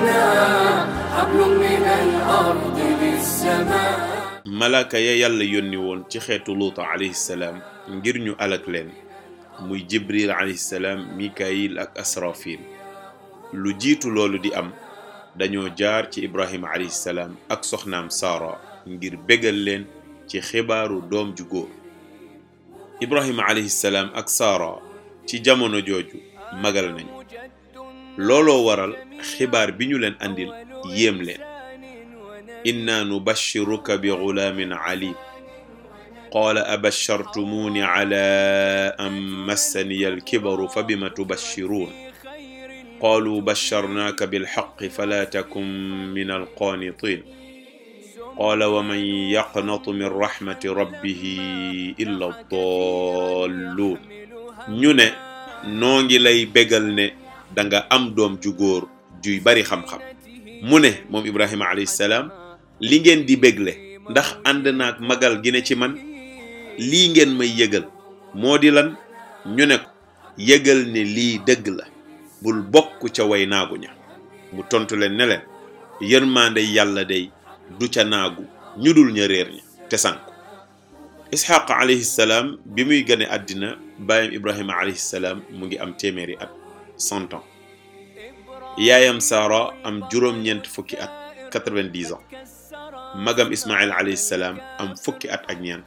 لنا حبل malaaka ya yàlla yónni ci xeetu luuta alayhi ngir ñu alak leen muy jibril alayhi mikayil ak asrafil lu jiitu loolu di am dañoo jaar ci ibrahima alayhi ak soxnaam saara ngir bégal leen ci xibaaru doom ju góor ibrahima alayhi ak saara ci jamono jooju magal nañu xibaar bi ñu leen andil yéem leen inna nubashiruka bi gulaamin alim qaala abashartumuuni ala an massaniya alkibaru fa bima tubashiruun qaalu basharnaaka bilxaqi fala takun min alqaanitin qaala wa man yaqnatu min rahmati rabbihi illa dalluun ñu ne noo ngi lay bégal ne da nga am doom ju góor juy bari xam-xam mu ne moom ibrahima alayhi li ngeen di bégle ndax ànd naag magal gi ne ci man lii ngeen may yëgal moo di lan ñu ne ko yëgal ne lii dëgg la bul bokk ca way naagu ña mu tontu leen ne leen yërmaande yàlla day du ca naagu ñu dul ña réer ña te sànku isxaq alayhi salaam bi muy gane àddina bàyyam ibrahima alayhi salaam mu ngi am téeméeri at cent ans yaayam saara am juróom-ñeent fukki at 90 ans magam ismail alayhi am fukki at ak ñeent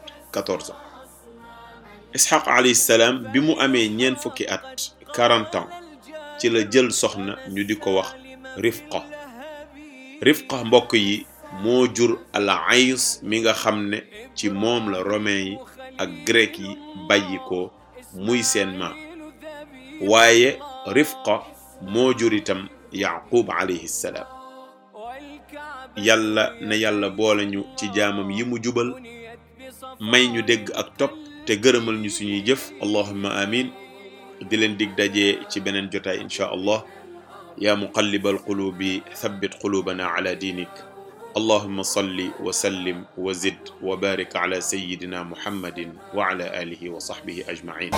bi mu amee ñeent fukki at 40 ci la jël soxna ñu di ko wax rifqa rifqa mbokk yi moo jur al ays mi nga xam ne ci moom la romain yi ak grec yi bàyyi ko muy seen maam waaye rifqa moo jur itam yaqub alayhi salaam yàlla na yàlla boole ñu ci jaamam yi mu jubal may ñu dégg ak topp te gërëmal ñu suñuy jëf allahumma amin di leen dig daje ci beneen jotaay incha allah yaa muqallibal qulubi thabbit qulubana ala diinik allahumma salli wa sallim wa zid wa barik ala sayyidina muhammadin wa ala alihi wa sahbihi ajmain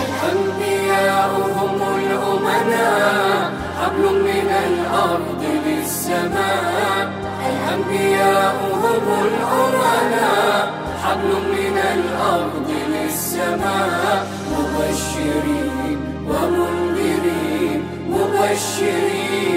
حبل من الأرض للسماء الأنبياء هم الأمناء حبل من الأرض للسماء مبشرين ومنذرين مبشرين